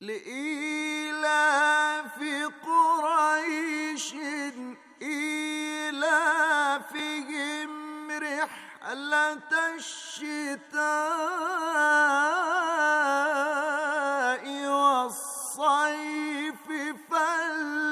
لإيلاف قريش إيلافهم رحلة الشتاء والصيف فل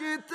شئت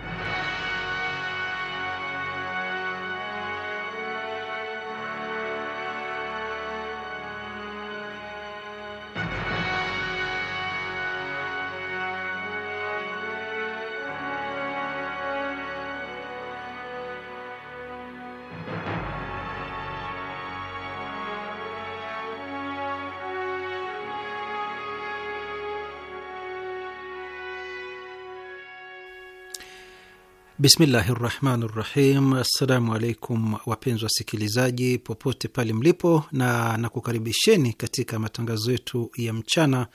Bismillahi rahmani rahim. Assalamu alaikum wapenzi wasikilizaji popote pale mlipo, na nakukaribisheni katika matangazo yetu ya mchana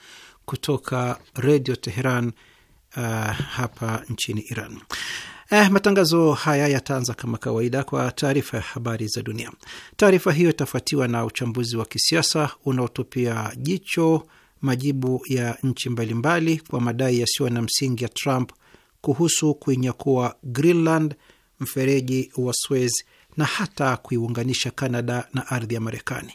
kutoka redio Teheran uh, hapa nchini Iran. Eh, matangazo haya yataanza kama kawaida kwa taarifa ya habari za dunia. Taarifa hiyo itafuatiwa na uchambuzi wa kisiasa unaotupia jicho majibu ya nchi mbalimbali kwa madai yasiyo na msingi ya Trump kuhusu kuinyakua Greenland, mfereji wa Suez na hata kuiunganisha Canada na ardhi ya Marekani.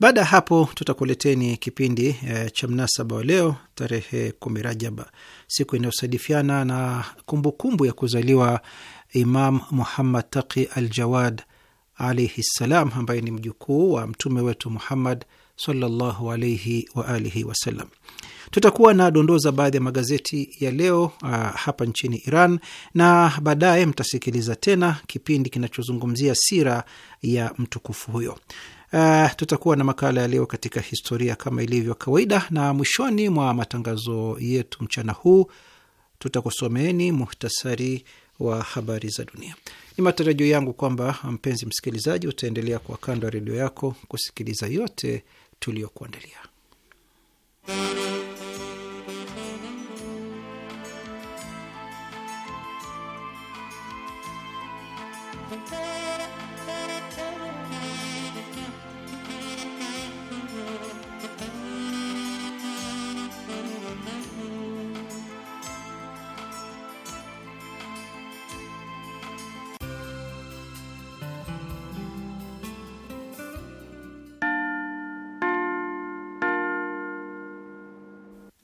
Baada ya hapo tutakuleteni kipindi e, cha mnasaba wa leo tarehe kumi Rajaba, siku inayosadifiana na kumbukumbu kumbu ya kuzaliwa Imam Muhammad Taqi al Jawad alaihi ssalam, ambaye ni mjukuu wa mtume wetu Muhammad sallallahu alaihi wa alihi wasallam. Tutakuwa na dondoo za baadhi ya magazeti ya leo uh, hapa nchini Iran, na baadaye mtasikiliza tena kipindi kinachozungumzia sira ya mtukufu huyo. Uh, tutakuwa na makala ya leo katika historia kama ilivyo kawaida, na mwishoni mwa matangazo yetu mchana huu tutakusomeeni muhtasari wa habari za dunia. Ni matarajio yangu kwamba mpenzi msikilizaji utaendelea kwa kando ya redio yako kusikiliza yote tuliokuandalia.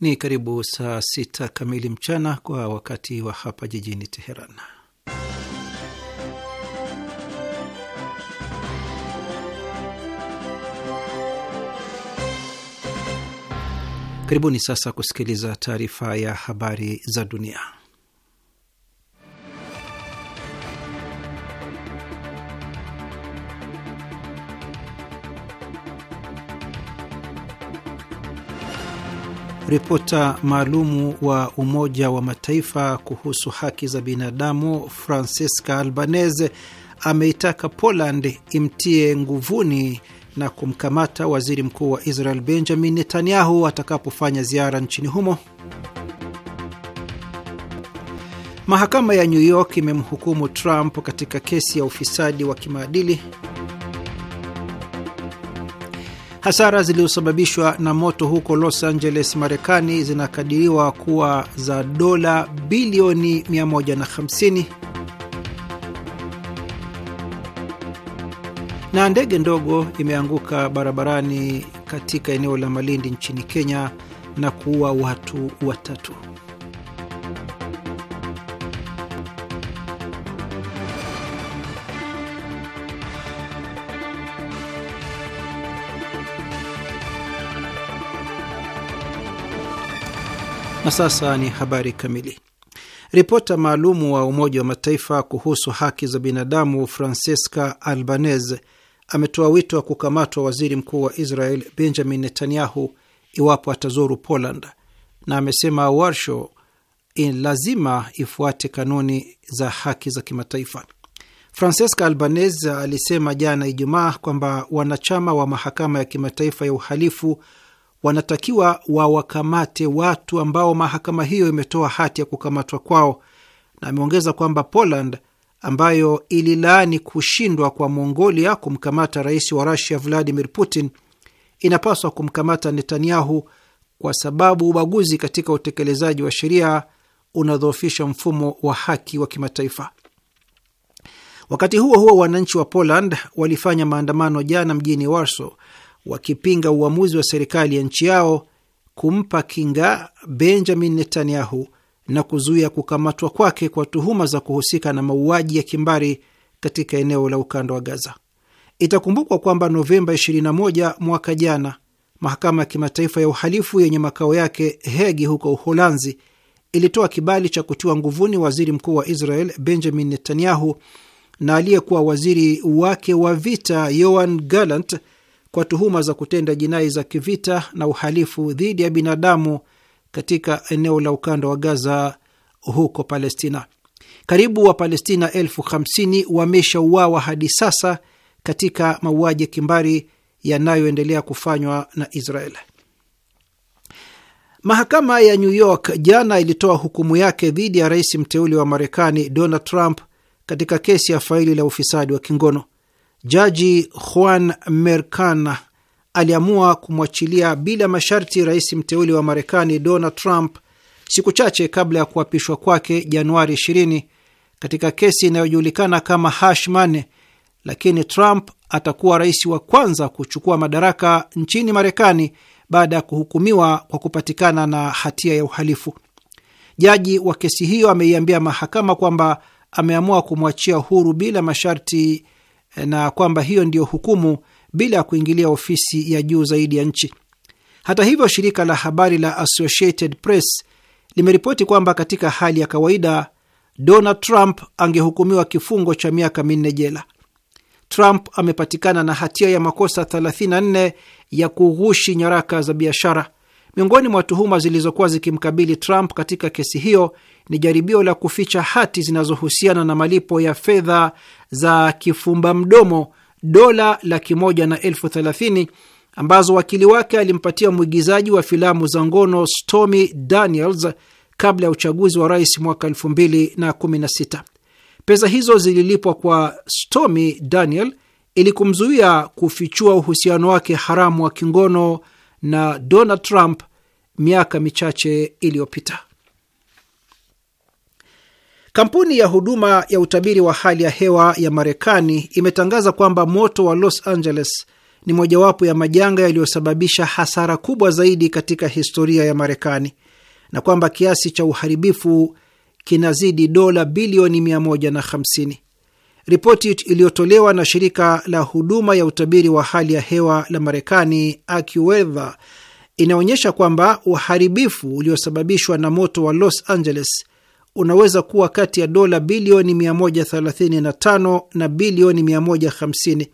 Ni karibu saa sita kamili mchana kwa wakati wa hapa jijini Teheran. Karibuni sasa kusikiliza taarifa ya habari za dunia. Ripota maalumu wa Umoja wa Mataifa kuhusu haki za binadamu Francesca Albanese ameitaka Poland imtie nguvuni na kumkamata waziri mkuu wa Israel Benjamin Netanyahu atakapofanya ziara nchini humo. Mahakama ya New York imemhukumu Trump katika kesi ya ufisadi wa kimaadili. Hasara zilizosababishwa na moto huko Los Angeles, Marekani, zinakadiriwa kuwa za dola bilioni 150 na ndege ndogo imeanguka barabarani katika eneo la Malindi nchini Kenya na kuua watu watatu. Na sasa ni habari kamili. Ripota maalumu wa Umoja wa Mataifa kuhusu haki za binadamu Francesca Albanese ametoa wito wa kukamatwa waziri mkuu wa Israel Benjamin Netanyahu iwapo atazuru Poland, na amesema Warsho lazima ifuate kanuni za haki za kimataifa. Francesca Albanese alisema jana Ijumaa kwamba wanachama wa mahakama ya kimataifa ya uhalifu wanatakiwa wawakamate watu ambao mahakama hiyo imetoa hati ya kukamatwa kwao, na ameongeza kwamba Poland ambayo ililaani kushindwa kwa Mongolia kumkamata rais wa Rusia Vladimir Putin inapaswa kumkamata Netanyahu kwa sababu ubaguzi katika utekelezaji wa sheria unadhoofisha mfumo wa haki wa kimataifa. Wakati huo huo, wananchi wa Poland walifanya maandamano jana mjini Warsaw wakipinga uamuzi wa serikali ya nchi yao kumpa kinga Benjamin Netanyahu na kuzuia kukamatwa kwake kwa tuhuma za kuhusika na mauaji ya kimbari katika eneo la ukanda wa Gaza. Itakumbukwa kwamba Novemba 21 mwaka jana, mahakama ya kimataifa ya uhalifu yenye makao yake Hegi huko Uholanzi ilitoa kibali cha kutiwa nguvuni waziri mkuu wa Israel Benjamin Netanyahu na aliyekuwa waziri wake wa vita Yoan Gallant kwa tuhuma za kutenda jinai za kivita na uhalifu dhidi ya binadamu katika eneo la ukanda wa Gaza huko Palestina. Karibu Wapalestina elfu hamsini wameshauawa hadi sasa katika mauaji ya kimbari yanayoendelea kufanywa na Israel. Mahakama ya New York jana ilitoa hukumu yake dhidi ya rais mteule wa Marekani Donald Trump katika kesi ya faili la ufisadi wa kingono. Jaji Juan Mercan aliamua kumwachilia bila masharti rais mteule wa Marekani Donald Trump siku chache kabla ya kuapishwa kwake Januari 20 katika kesi inayojulikana kama Hashman, lakini Trump atakuwa rais wa kwanza kuchukua madaraka nchini Marekani baada ya kuhukumiwa kwa kupatikana na hatia ya uhalifu. Jaji wa kesi hiyo ameiambia mahakama kwamba ameamua kumwachia huru bila masharti na kwamba hiyo ndiyo hukumu bila ya kuingilia ofisi ya juu zaidi ya nchi. Hata hivyo, shirika la habari la Associated Press limeripoti kwamba katika hali ya kawaida Donald Trump angehukumiwa kifungo cha miaka minne jela. Trump amepatikana na hatia ya makosa 34 ya kughushi nyaraka za biashara. Miongoni mwa tuhuma zilizokuwa zikimkabili Trump katika kesi hiyo ni jaribio la kuficha hati zinazohusiana na malipo ya fedha za kifumba mdomo dola laki moja na elfu thelathini ambazo wakili wake alimpatia mwigizaji wa filamu za ngono Stormy Daniels kabla ya uchaguzi wa rais mwaka 216 Pesa hizo zililipwa kwa Stormy Daniel ili kumzuia kufichua uhusiano wake haramu wa kingono na Donald Trump miaka michache iliyopita. Kampuni ya huduma ya utabiri wa hali ya hewa ya Marekani imetangaza kwamba moto wa Los Angeles ni mojawapo ya majanga yaliyosababisha hasara kubwa zaidi katika historia ya Marekani na kwamba kiasi cha uharibifu kinazidi dola bilioni 150. Ripoti iliyotolewa na shirika la huduma ya utabiri wa hali ya hewa la Marekani, AccuWeather, inaonyesha kwamba uharibifu uliosababishwa na moto wa Los Angeles unaweza kuwa kati ya dola bilioni 135 na bilioni 150,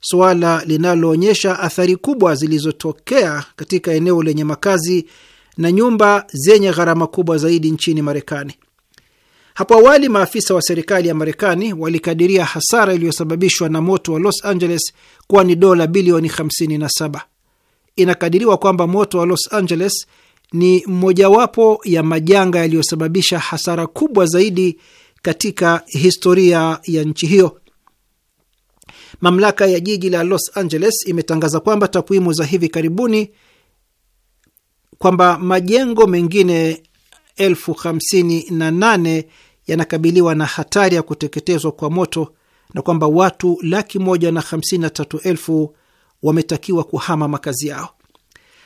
suala linaloonyesha athari kubwa zilizotokea katika eneo lenye makazi na nyumba zenye gharama kubwa zaidi nchini Marekani. Hapo awali maafisa wa serikali ya Marekani walikadiria hasara iliyosababishwa na moto wa Los Angeles kuwa ni dola bilioni 57. Inakadiriwa kwamba moto wa Los Angeles ni mojawapo ya majanga yaliyosababisha hasara kubwa zaidi katika historia ya nchi hiyo. Mamlaka ya jiji la Los Angeles imetangaza kwamba takwimu za hivi karibuni kwamba majengo mengine elfu hamsini na nane yanakabiliwa na hatari ya kuteketezwa kwa moto na kwamba watu laki moja na hamsini na tatu elfu wametakiwa kuhama makazi yao.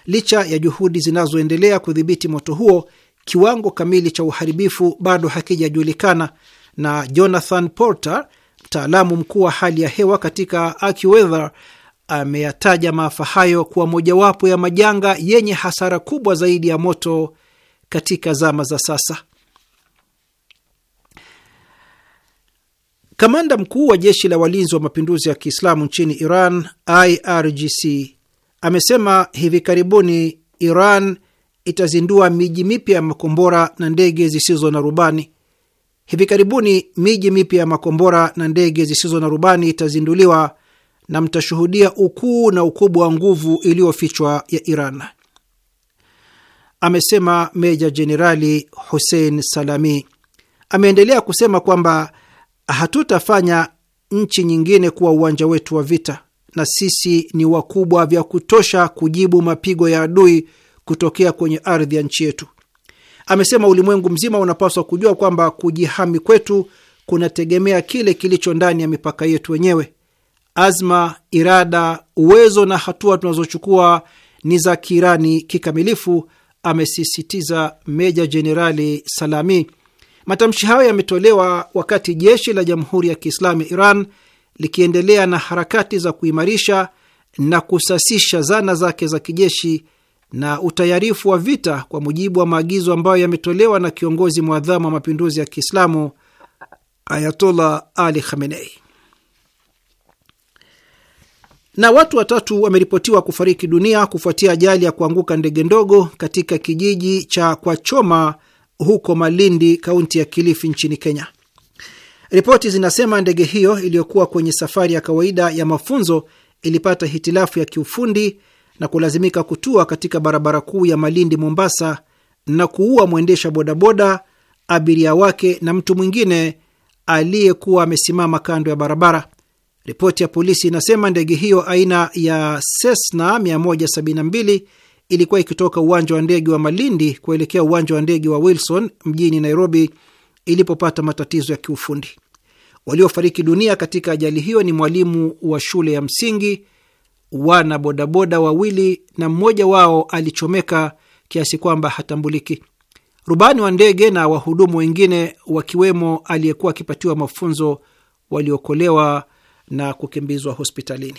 Licha ya juhudi zinazoendelea kudhibiti moto huo, kiwango kamili cha uharibifu bado hakijajulikana, na Jonathan Porter, mtaalamu mkuu wa hali ya hewa katika AccuWeather, ameyataja maafa hayo kuwa mojawapo ya majanga yenye hasara kubwa zaidi ya moto katika zama za sasa. Kamanda mkuu wa jeshi la walinzi wa mapinduzi ya Kiislamu nchini Iran, IRGC, amesema hivi karibuni Iran itazindua miji mipya ya makombora na ndege zisizo na rubani. Hivi karibuni miji mipya ya makombora na ndege zisizo na rubani itazinduliwa na mtashuhudia ukuu na ukubwa wa nguvu iliyofichwa ya Iran, amesema Meja Jenerali Hussein Salami. Ameendelea kusema kwamba hatutafanya nchi nyingine kuwa uwanja wetu wa vita, na sisi ni wakubwa vya kutosha kujibu mapigo ya adui kutokea kwenye ardhi ya nchi yetu. Amesema ulimwengu mzima unapaswa kujua kwamba kujihami kwetu kunategemea kile kilicho ndani ya mipaka yetu wenyewe. Azma, irada, uwezo na hatua tunazochukua ni za kirani kikamilifu, amesisitiza Meja Jenerali Salami Matamshi hayo yametolewa wakati jeshi la Jamhuri ya Kiislamu ya Iran likiendelea na harakati za kuimarisha na kusasisha zana zake za kijeshi na utayarifu wa vita kwa mujibu wa maagizo ambayo yametolewa na kiongozi mwadhamu wa mapinduzi ya Kiislamu Ayatollah Ali Khamenei. Na watu watatu wameripotiwa kufariki dunia kufuatia ajali ya kuanguka ndege ndogo katika kijiji cha Kwachoma huko Malindi, kaunti ya Kilifi nchini Kenya. Ripoti zinasema ndege hiyo iliyokuwa kwenye safari ya kawaida ya mafunzo ilipata hitilafu ya kiufundi na kulazimika kutua katika barabara kuu ya Malindi Mombasa, na kuua mwendesha bodaboda, abiria wake na mtu mwingine aliyekuwa amesimama kando ya barabara. Ripoti ya polisi inasema ndege hiyo aina ya Cessna 172 ilikuwa ikitoka uwanja wa ndege wa Malindi kuelekea uwanja wa ndege wa Wilson mjini Nairobi ilipopata matatizo ya kiufundi. Waliofariki dunia katika ajali hiyo ni mwalimu wa shule ya msingi, wana bodaboda wawili, na mmoja wao alichomeka kiasi kwamba hatambuliki. Rubani wa ndege na wahudumu wengine wakiwemo aliyekuwa akipatiwa mafunzo waliokolewa na kukimbizwa hospitalini.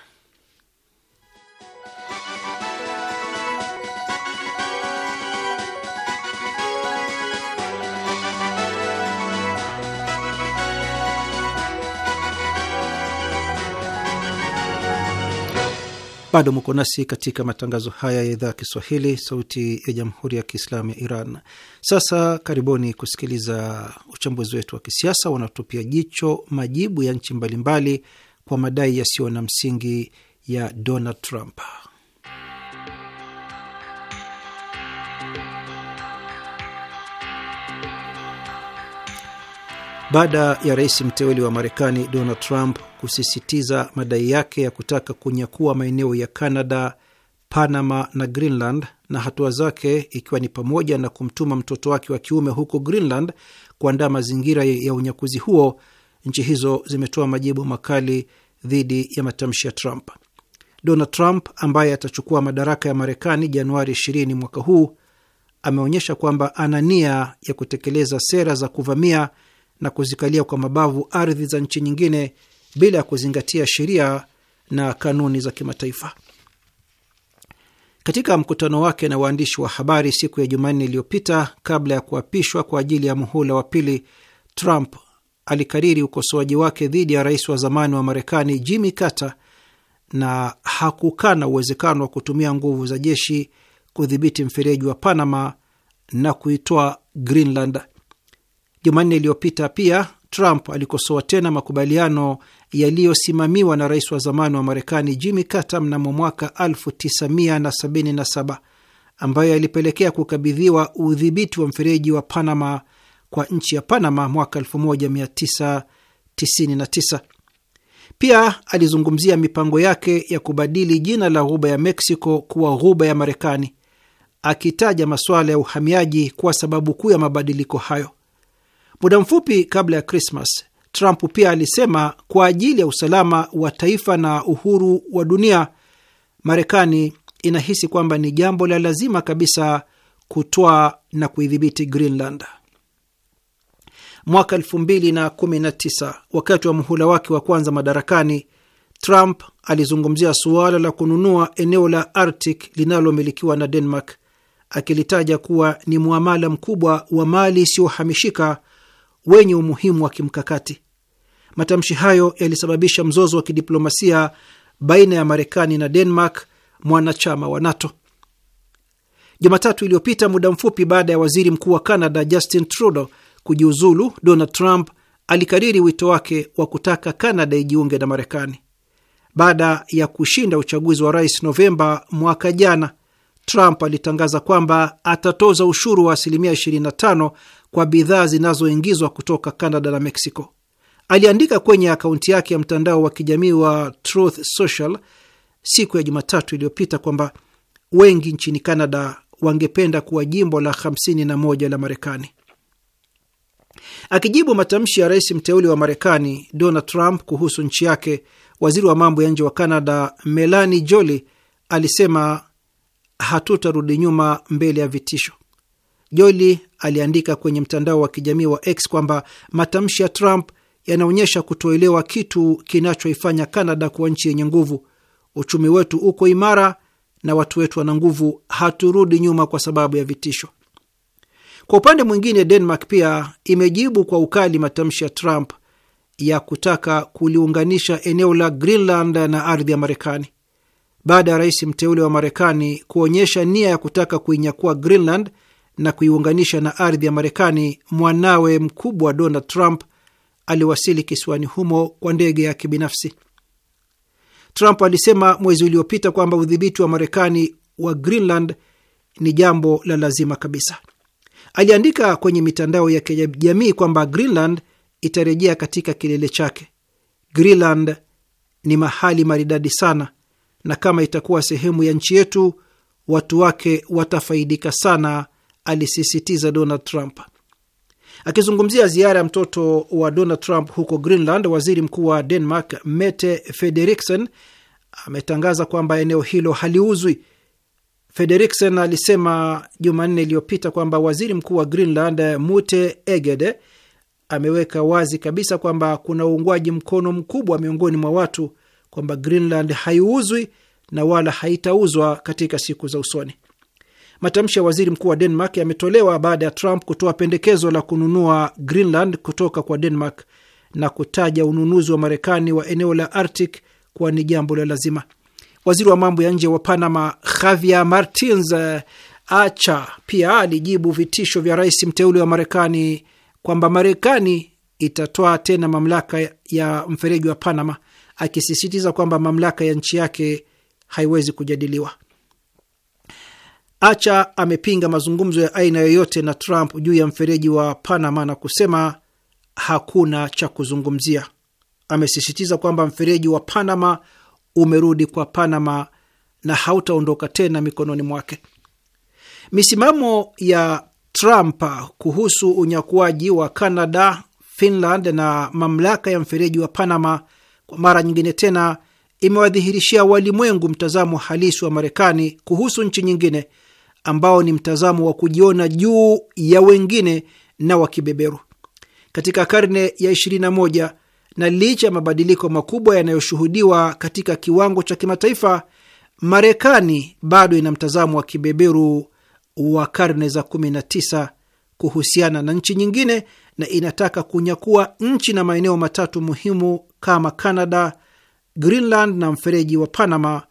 Bado mko nasi katika matangazo haya ya idhaa ya Kiswahili, sauti ya jamhuri ya kiislamu ya Iran. Sasa karibuni kusikiliza uchambuzi wetu wa kisiasa wanaotupia jicho majibu ya nchi mbalimbali kwa madai yasiyo na msingi ya Donald Trump. baada ya rais mteuli wa Marekani Donald Trump kusisitiza madai yake ya kutaka kunyakua maeneo ya Canada, Panama na Greenland, na hatua zake ikiwa ni pamoja na kumtuma mtoto wake wa kiume huko Greenland kuandaa mazingira ya unyakuzi huo, nchi hizo zimetoa majibu makali dhidi ya matamshi ya Trump. Donald Trump ambaye atachukua madaraka ya Marekani Januari 20 mwaka huu ameonyesha kwamba ana nia ya kutekeleza sera za kuvamia na kuzikalia kwa mabavu ardhi za nchi nyingine bila ya kuzingatia sheria na kanuni za kimataifa. Katika mkutano wake na waandishi wa habari siku ya Jumanne iliyopita kabla ya kuapishwa kwa ajili ya muhula wa pili, Trump alikariri ukosoaji wake dhidi ya rais wa zamani wa Marekani Jimmy Carter na hakukana uwezekano wa kutumia nguvu za jeshi kudhibiti mfereji wa Panama na kuitoa Greenland Jumanne iliyopita pia Trump alikosoa tena makubaliano yaliyosimamiwa na rais wa zamani wa Marekani Jimmy Carter mnamo mwaka 1977 ambayo yalipelekea kukabidhiwa udhibiti wa mfereji wa Panama kwa nchi ya Panama mwaka 1999. Pia alizungumzia mipango yake ya kubadili jina la ghuba ya Mexico kuwa ghuba ya Marekani, akitaja masuala ya uhamiaji kuwa sababu kuu ya mabadiliko hayo. Muda mfupi kabla ya Krismas, Trump pia alisema kwa ajili ya usalama wa taifa na uhuru wa dunia, Marekani inahisi kwamba ni jambo la lazima kabisa kutoa na kuidhibiti Greenland. Mwaka 2019 wakati wa muhula wake wa kwanza madarakani, Trump alizungumzia suala la kununua eneo la Arctic linalomilikiwa na Denmark, akilitaja kuwa ni mwamala mkubwa wa mali isiyohamishika wenye umuhimu wa kimkakati. Matamshi hayo yalisababisha mzozo wa kidiplomasia baina ya Marekani na Denmark, mwanachama wa NATO. Jumatatu iliyopita, muda mfupi baada ya waziri mkuu wa Canada Justin Trudeau kujiuzulu, Donald Trump alikariri wito wake wa kutaka Canada ijiunge na Marekani. Baada ya kushinda uchaguzi wa rais Novemba mwaka jana, Trump alitangaza kwamba atatoza ushuru wa asilimia 25 kwa bidhaa zinazoingizwa kutoka Canada na Mexico. Aliandika kwenye akaunti yake ya mtandao wa kijamii wa Truth Social siku ya Jumatatu iliyopita kwamba wengi nchini Canada wangependa kuwa jimbo la 51 la Marekani. Akijibu matamshi ya rais mteule wa Marekani Donald Trump kuhusu nchi yake, waziri wa mambo ya nje wa Canada Melanie Joly alisema, hatutarudi nyuma mbele ya vitisho. Joli aliandika kwenye mtandao wa kijamii wa X kwamba matamshi ya Trump yanaonyesha kutoelewa kitu kinachoifanya Kanada kuwa nchi yenye nguvu. Uchumi wetu uko imara na watu wetu wana nguvu, haturudi nyuma kwa sababu ya vitisho. Kwa upande mwingine, Denmark pia imejibu kwa ukali matamshi ya Trump ya kutaka kuliunganisha eneo la Greenland na ardhi ya Marekani. Baada ya rais mteule wa Marekani kuonyesha nia ya kutaka kuinyakua Greenland na kuiunganisha na ardhi ya Marekani, mwanawe mkubwa Donald Trump aliwasili kisiwani humo kwa ndege yake binafsi. Trump alisema mwezi uliopita kwamba udhibiti wa Marekani wa Greenland ni jambo la lazima kabisa. Aliandika kwenye mitandao ya kijamii kwamba Greenland itarejea katika kilele chake. Greenland ni mahali maridadi sana, na kama itakuwa sehemu ya nchi yetu, watu wake watafaidika sana alisisitiza Donald Trump. Akizungumzia ziara ya mtoto wa Donald Trump huko Greenland, waziri mkuu wa Denmark Mette Frederiksen ametangaza kwamba eneo hilo haliuzwi. Frederiksen alisema Jumanne iliyopita kwamba waziri mkuu wa Greenland Mute Egede ameweka wazi kabisa kwamba kuna uungwaji mkono mkubwa miongoni mwa watu kwamba Greenland haiuzwi na wala haitauzwa katika siku za usoni. Matamshi ya waziri mkuu wa Denmark yametolewa baada ya Trump kutoa pendekezo la kununua Greenland kutoka kwa Denmark na kutaja ununuzi wa Marekani wa eneo la Arctic kuwa ni jambo la lazima. Waziri wa mambo ya nje wa Panama Javier Martins eh, Acha pia alijibu vitisho vya rais mteule wa Marekani kwamba Marekani itatoa tena mamlaka ya mfereji wa Panama, akisisitiza kwamba mamlaka ya nchi yake haiwezi kujadiliwa. Acha amepinga mazungumzo ya aina yoyote na Trump juu ya mfereji wa Panama na kusema hakuna cha kuzungumzia. Amesisitiza kwamba mfereji wa Panama umerudi kwa Panama na hautaondoka tena mikononi mwake. Misimamo ya Trump kuhusu unyakuaji wa Canada, Finland na mamlaka ya mfereji wa Panama kwa mara nyingine tena imewadhihirishia walimwengu mtazamo halisi wa Marekani kuhusu nchi nyingine ambao ni mtazamo wa kujiona juu ya wengine na wa kibeberu katika karne ya 21. Na licha ya mabadiliko makubwa yanayoshuhudiwa katika kiwango cha kimataifa, Marekani bado ina mtazamo wa kibeberu wa karne za 19 kuhusiana na nchi nyingine na inataka kunyakua nchi na maeneo matatu muhimu kama Canada, Greenland na mfereji wa Panama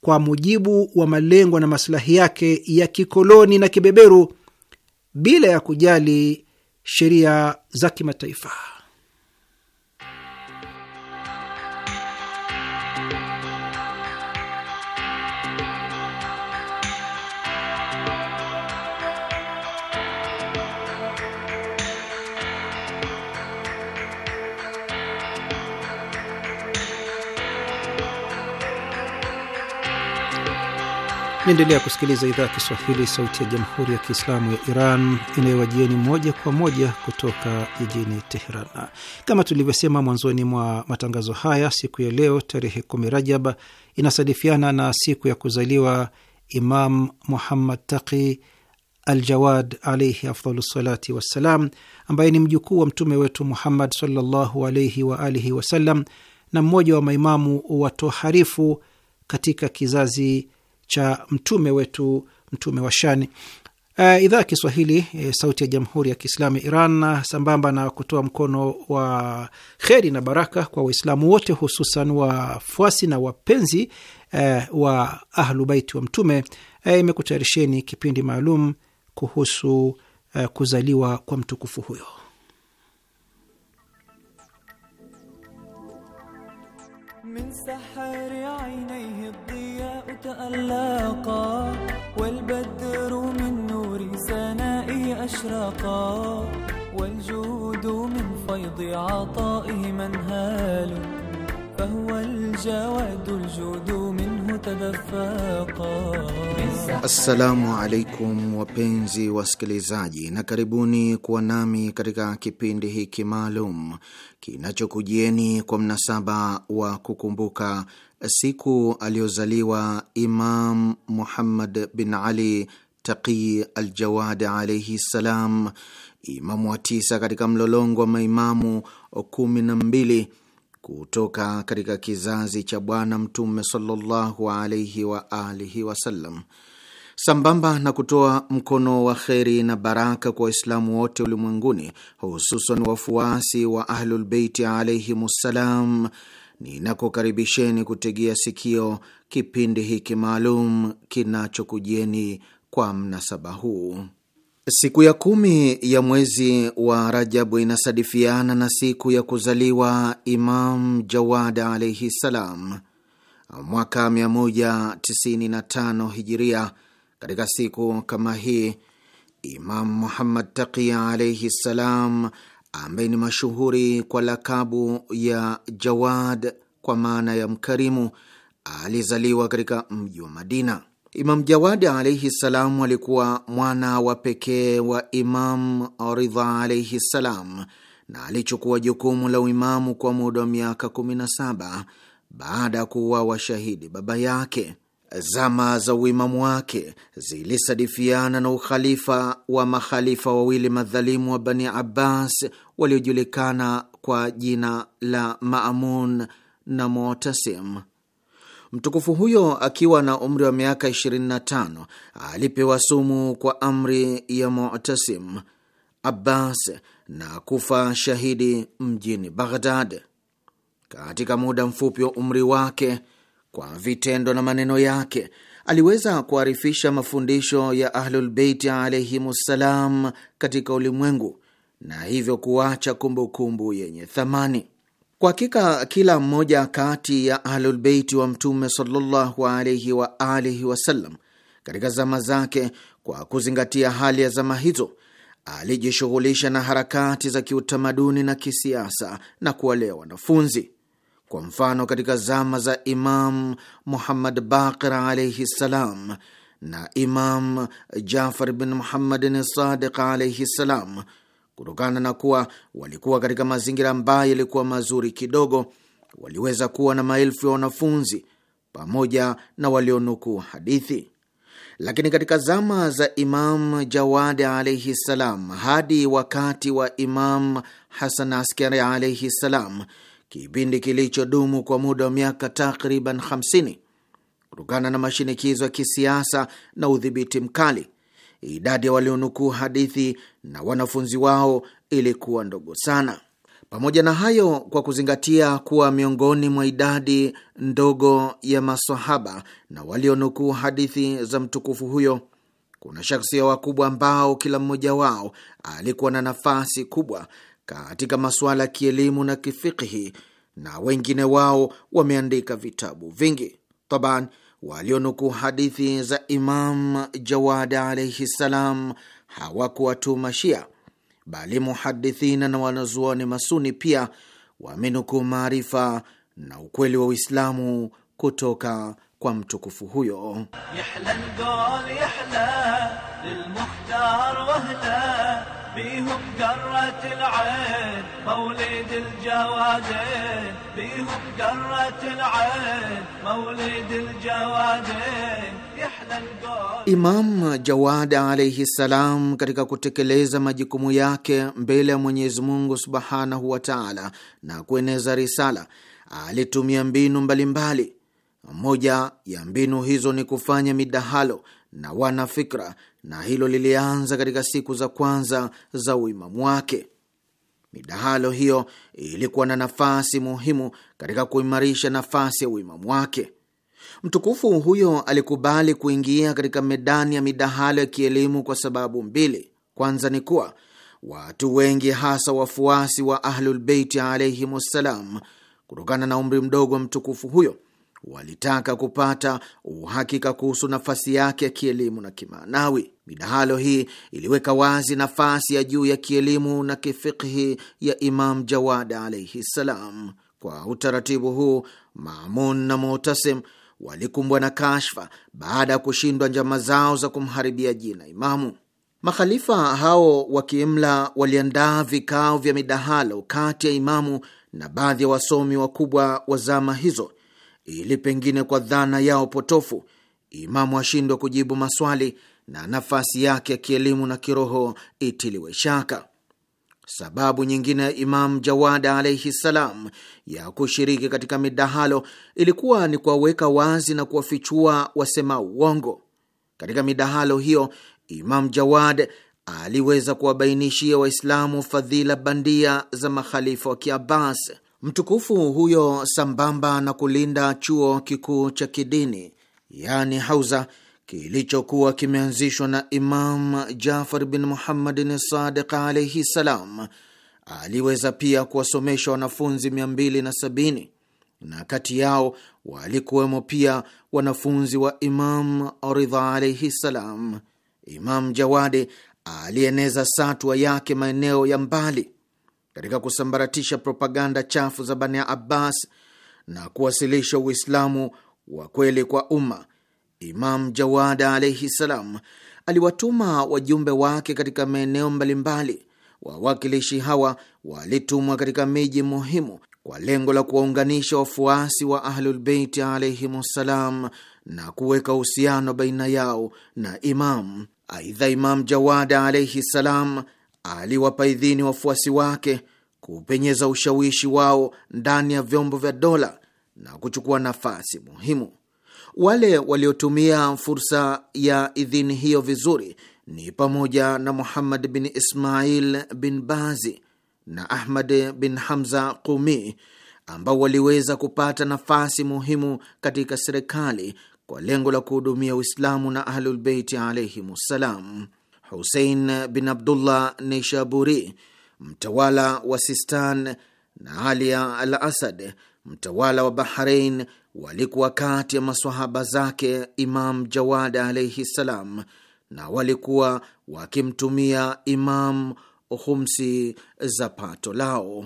kwa mujibu wa malengo na masilahi yake ya kikoloni na kibeberu bila ya kujali sheria za kimataifa. Naendelea kusikiliza idhaa ya Kiswahili, sauti ya jamhuri ya kiislamu ya Iran inayowajieni moja kwa moja kutoka jijini Teheran. Kama tulivyosema mwanzoni mwa matangazo haya, siku ya leo tarehe kumi Rajab inasadifiana na siku ya kuzaliwa Imam Muhammad Taqi Aljawad alaihi afdhalu salati wassalam, ambaye ni mjukuu wa mtume wetu Muhammad sallallahu alaihi alihi wasallam na mmoja wa maimamu watoharifu katika kizazi cha mtume wetu mtume wa shani. Uh, idhaa ya Kiswahili e, sauti ya jamhuri ya Kiislamu ya Iran, sambamba na kutoa mkono wa kheri na baraka kwa Waislamu wote, hususan wafuasi na wapenzi e, wa ahlubaiti wa mtume e, imekutayarisheni kipindi maalum kuhusu e, kuzaliwa kwa mtukufu huyo. تألقا والبدر من نور سنائي أشرقا والجود من فيض عطائه منهال فهو الجواد الجود منه تدفاقا Assalamu alaikum wapenzi wasikilizaji, na karibuni kuwa nami katika kipindi hiki maalum kinachokujieni kwa mnasaba wa kukumbuka siku aliyozaliwa Imam Muhammad bin Ali Taqi Aljawadi alaihi ssalam, imamu wa tisa katika mlolongo wa maimamu kumi na mbili kutoka katika kizazi cha Bwana Mtume sallallahu alaihi wa alihi wasallam. Sambamba na kutoa mkono wa kheri na baraka kwa Waislamu wote ulimwenguni, hususan wafuasi wa Ahlulbeiti alaihim ssalam ninakukaribisheni kutegea sikio kipindi hiki maalum kinachokujieni kwa mnasaba huu. Siku ya kumi ya mwezi wa Rajabu inasadifiana na siku ya kuzaliwa Imam Jawad alaihi ssalam, mwaka 195 hijiria. Katika siku kama hii Imam Muhammad Taqi alaihi ssalam ambaye ni mashuhuri kwa lakabu ya Jawad kwa maana ya mkarimu, alizaliwa katika mji wa Madina. Imam Jawadi alaihi ssalam alikuwa mwana wa pekee wa Imam Ridha alaihi ssalam, na alichukua jukumu la uimamu kwa muda wa miaka 17 baada ya kuuawa shahidi baba yake. Zama za uimamu wake zilisadifiana na ukhalifa wa makhalifa wawili madhalimu wa Bani Abbas waliojulikana kwa jina la Maamun na Motasim. Mtukufu huyo akiwa na umri wa miaka 25 alipewa sumu kwa amri ya Motasim Abbas na kufa shahidi mjini Baghdad. Katika muda mfupi wa umri wake kwa vitendo na maneno yake aliweza kuarifisha mafundisho ya Ahlulbeiti alaihimussalam katika ulimwengu na hivyo kuacha kumbukumbu yenye thamani. Kwa hakika kila mmoja kati ya Ahlulbeiti wa Mtume sallallahu alaihi wa alihi wasallam katika zama zake, kwa kuzingatia hali ya zama hizo, alijishughulisha na harakati za kiutamaduni na kisiasa na kuwalea wanafunzi. Kwa mfano, katika zama za Imam Muhammad Baqir alaihi ssalam na Imam Jafar bin Muhammadin Sadiq alaihi ssalam, kutokana na kuwa walikuwa katika mazingira ambayo yalikuwa mazuri kidogo, waliweza kuwa na maelfu ya wanafunzi pamoja na walionukuu hadithi. Lakini katika zama za Imam Jawadi alaihi ssalam hadi wakati wa Imam Hasan Askari alaihi ssalam kipindi kilichodumu kwa muda wa miaka takriban 50. Kutokana na mashinikizo ya kisiasa na udhibiti mkali, idadi ya walionukuu hadithi na wanafunzi wao ilikuwa ndogo sana. Pamoja na hayo, kwa kuzingatia kuwa miongoni mwa idadi ndogo ya masahaba na walionukuu hadithi za mtukufu huyo kuna shakhsia wakubwa ambao kila mmoja wao alikuwa na nafasi kubwa katika masuala ya kielimu na kifikhi na wengine wao wameandika vitabu vingi. Taban, walionukuu hadithi za Imam Jawadi alaihi ssalam hawakuwa tu Mashia, bali muhadithina na wanazuoni Masuni pia wamenukuu maarifa na ukweli wa Uislamu kutoka kwa mtukufu huyo. Yahla ndol, yahla, بيهم قرة العين مولد الجوادين بيهم قرة العين مولد الجوادين Imam Jawad alaihi salam katika kutekeleza majukumu yake mbele ya Mwenyezi Mungu subhanahu wa taala na kueneza risala alitumia mbinu mbalimbali mbali. Moja ya mbinu hizo ni kufanya midahalo na wanafikra na hilo lilianza katika siku za kwanza za uimamu wake. Midahalo hiyo ilikuwa na nafasi muhimu katika kuimarisha nafasi ya uimamu wake. Mtukufu huyo alikubali kuingia katika medani ya midahalo ya kielimu kwa sababu mbili. Kwanza ni kuwa watu wengi, hasa wafuasi wa Ahlulbeiti alaihim wassalam, kutokana na umri mdogo wa mtukufu huyo walitaka kupata uhakika kuhusu nafasi yake ya kielimu na kimaanawi. Midahalo hii iliweka wazi nafasi ya juu ya kielimu na kifikhi ya Imam Jawad alaihi ssalam. Kwa utaratibu huu, Mamun na Mutasim walikumbwa na kashfa baada ya kushindwa njama zao za kumharibia jina Imamu. Makhalifa hao wa kiimla waliandaa vikao vya midahalo kati ya Imamu na baadhi ya wasomi wakubwa wa zama hizo ili pengine kwa dhana yao potofu imamu ashindwa kujibu maswali na nafasi yake ya kielimu na kiroho itiliwe shaka. Sababu nyingine ya Imamu Jawada alaihi ssalam ya kushiriki katika midahalo ilikuwa ni kuwaweka wazi na kuwafichua wasema uongo. Katika midahalo hiyo, Imamu Jawad aliweza kuwabainishia Waislamu fadhila bandia za makhalifa wa Kiabbas mtukufu huyo, sambamba na kulinda chuo kikuu cha kidini yani hauza kilichokuwa kimeanzishwa na Imam Jafar bin Muhammadin Sadiq alaihi ssalam aliweza pia kuwasomesha wanafunzi 270 na kati yao walikuwemo pia wanafunzi wa Imam Ridha alaihi ssalam. Imam Jawadi alieneza satwa yake maeneo ya mbali katika kusambaratisha propaganda chafu za Bani Abbas na kuwasilisha Uislamu wa kweli kwa umma, Imam Jawada alaihi salam aliwatuma wajumbe wake katika maeneo mbalimbali. Wawakilishi hawa walitumwa katika miji muhimu kwa lengo la kuwaunganisha wafuasi wa Ahlulbeiti ssalam na kuweka uhusiano baina yao na Imam. Aidha, Imam Jawada alaihi ssalam aliwapa idhini wafuasi wake kupenyeza ushawishi wao ndani ya vyombo vya dola na kuchukua nafasi muhimu. Wale waliotumia fursa ya idhini hiyo vizuri ni pamoja na Muhammad bin Ismail bin Bazi na Ahmad bin Hamza Qumi ambao waliweza kupata nafasi muhimu katika serikali kwa lengo la kuhudumia Uislamu na Ahlulbeiti alaihim ssalam. Husein bin Abdullah Neishaburi, mtawala wa Sistan, na Alia al Asad, mtawala wa Bahrain, walikuwa kati ya maswahaba zake Imam Jawad alaihi ssalam, na walikuwa wakimtumia Imam humsi za pato lao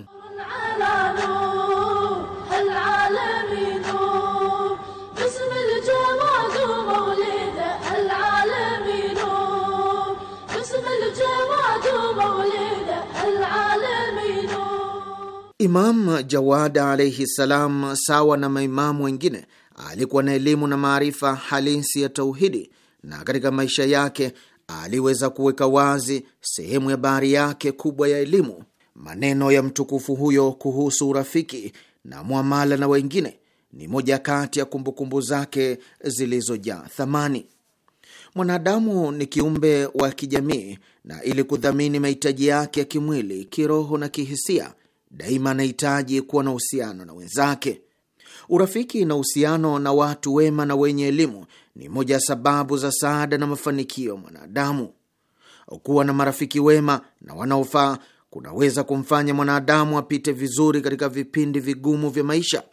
Imam jawad alaihi ssalam, sawa na maimamu wengine, alikuwa na elimu na maarifa halisi ya tauhidi, na katika maisha yake aliweza kuweka wazi sehemu ya bahari yake kubwa ya elimu. Maneno ya mtukufu huyo kuhusu urafiki na mwamala na wengine ni moja kati ya kumbukumbu zake zilizojaa thamani. Mwanadamu ni kiumbe wa kijamii, na ili kudhamini mahitaji yake ya kimwili, kiroho na kihisia daima anahitaji kuwa na uhusiano na wenzake. Urafiki na uhusiano na watu wema na wenye elimu ni moja ya sababu za saada na mafanikio ya mwanadamu. Kuwa na marafiki wema na wanaofaa kunaweza kumfanya mwanadamu apite vizuri katika vipindi vigumu vya maisha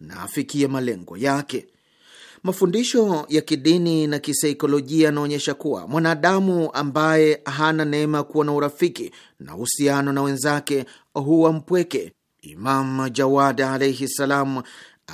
na afikie malengo yake. Mafundisho ya kidini na kisaikolojia yanaonyesha kuwa mwanadamu ambaye hana neema kuwa na urafiki na uhusiano na wenzake huwa mpweke. Imam Jawad alaihi salam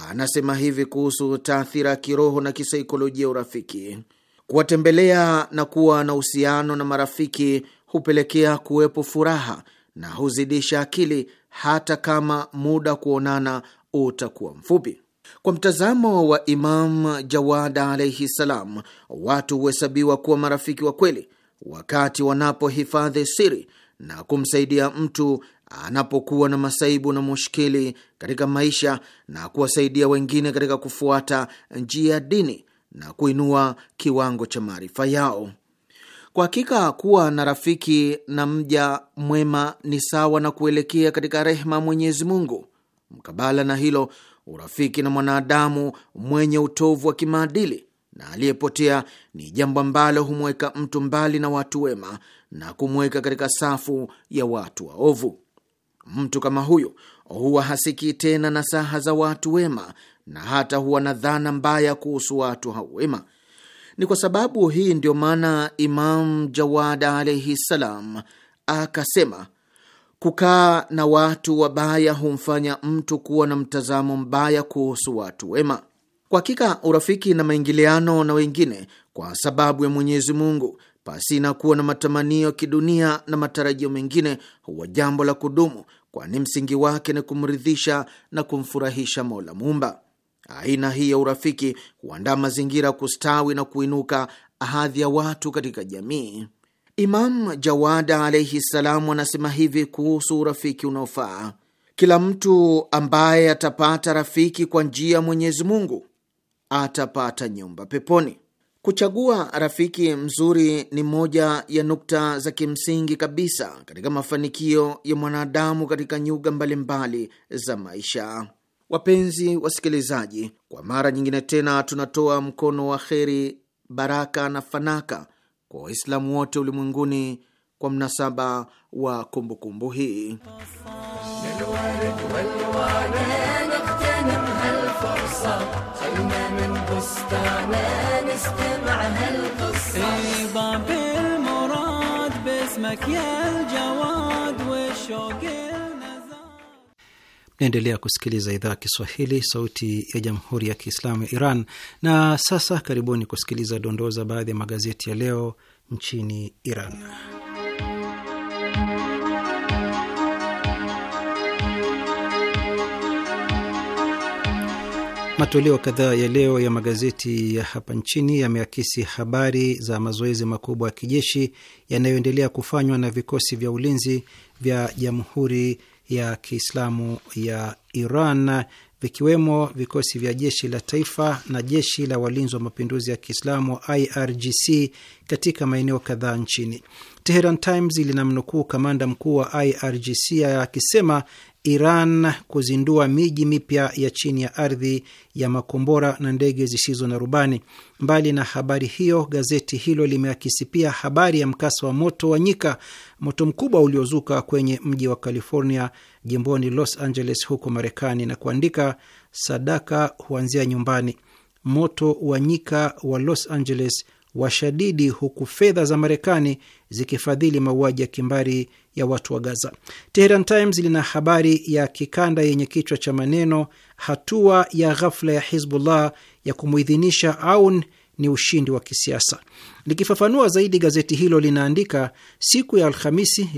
anasema hivi kuhusu taathira ya kiroho na kisaikolojia ya urafiki: kuwatembelea na kuwa na uhusiano na marafiki hupelekea kuwepo furaha na huzidisha akili hata kama muda kuonana utakuwa mfupi. Kwa mtazamo wa Imam Jawad alaihi salam, watu huhesabiwa kuwa marafiki wa kweli wakati wanapohifadhi siri na kumsaidia mtu anapokuwa na masaibu na mushkili katika maisha na kuwasaidia wengine katika kufuata njia ya dini na kuinua kiwango cha maarifa yao. Kwa hakika kuwa na rafiki na mja mwema ni sawa na kuelekea katika rehma Mwenyezi Mungu. Mkabala na hilo, urafiki na mwanadamu mwenye utovu wa kimaadili na aliyepotea ni jambo ambalo humweka mtu mbali na watu wema na kumweka katika safu ya watu waovu. Mtu kama huyo huwa hasikii tena nasaha za watu wema na hata huwa na dhana mbaya kuhusu watu hao wema. Ni kwa sababu hii ndio maana Imam Jawad alaihi ssalam akasema Kukaa na watu wabaya humfanya mtu kuwa na mtazamo mbaya kuhusu watu wema. Kwa hakika urafiki na maingiliano na wengine kwa sababu ya Mwenyezi Mungu na kuwa na matamanio ya kidunia na matarajio mengine huwa jambo la kudumu, kwani msingi wake ni kumridhisha na kumfurahisha Mola Muumba. Aina hii ya urafiki huandaa mazingira kustawi na kuinuka hadhi ya watu katika jamii. Imam Jawada alaihi ssalam anasema hivi kuhusu urafiki unaofaa: kila mtu ambaye atapata rafiki kwa njia ya Mwenyezi Mungu atapata nyumba peponi. Kuchagua rafiki mzuri ni moja ya nukta za kimsingi kabisa katika mafanikio ya mwanadamu katika nyuga mbalimbali za maisha. Wapenzi wasikilizaji, kwa mara nyingine tena tunatoa mkono wa kheri, baraka na fanaka kwa Waislamu wote ulimwenguni kwa mnasaba wa kumbukumbu hii. Naendelea kusikiliza idhaa ya Kiswahili, sauti ya jamhuri ya kiislamu ya Iran. Na sasa karibuni kusikiliza dondoo za baadhi ya magazeti ya leo nchini Iran. Matoleo kadhaa ya leo ya magazeti ya hapa nchini yameakisi habari za mazoezi makubwa ya kijeshi yanayoendelea kufanywa na vikosi vya ulinzi vya jamhuri ya Kiislamu ya Iran vikiwemo vikosi vya jeshi la taifa na jeshi la walinzi wa mapinduzi ya Kiislamu IRGC katika maeneo kadhaa nchini. Teheran Times linamnukuu kamanda mkuu wa IRGC akisema Iran kuzindua miji mipya ya chini ya ardhi ya makombora na ndege zisizo na rubani. Mbali na habari hiyo, gazeti hilo limeakisi pia habari ya mkasa wa moto wa nyika, moto mkubwa uliozuka kwenye mji wa California jimboni Los Angeles huko Marekani, na kuandika sadaka huanzia nyumbani. Moto wa nyika wa Los Angeles washadidi huku fedha za Marekani zikifadhili mauaji ya kimbari ya watu wa Gaza. Teheran Times lina habari ya kikanda yenye kichwa cha maneno hatua ya ghafla ya Hizbullah ya kumuidhinisha Aun ni ushindi wa kisiasa. Likifafanua zaidi, gazeti hilo linaandika siku ya Alhamisi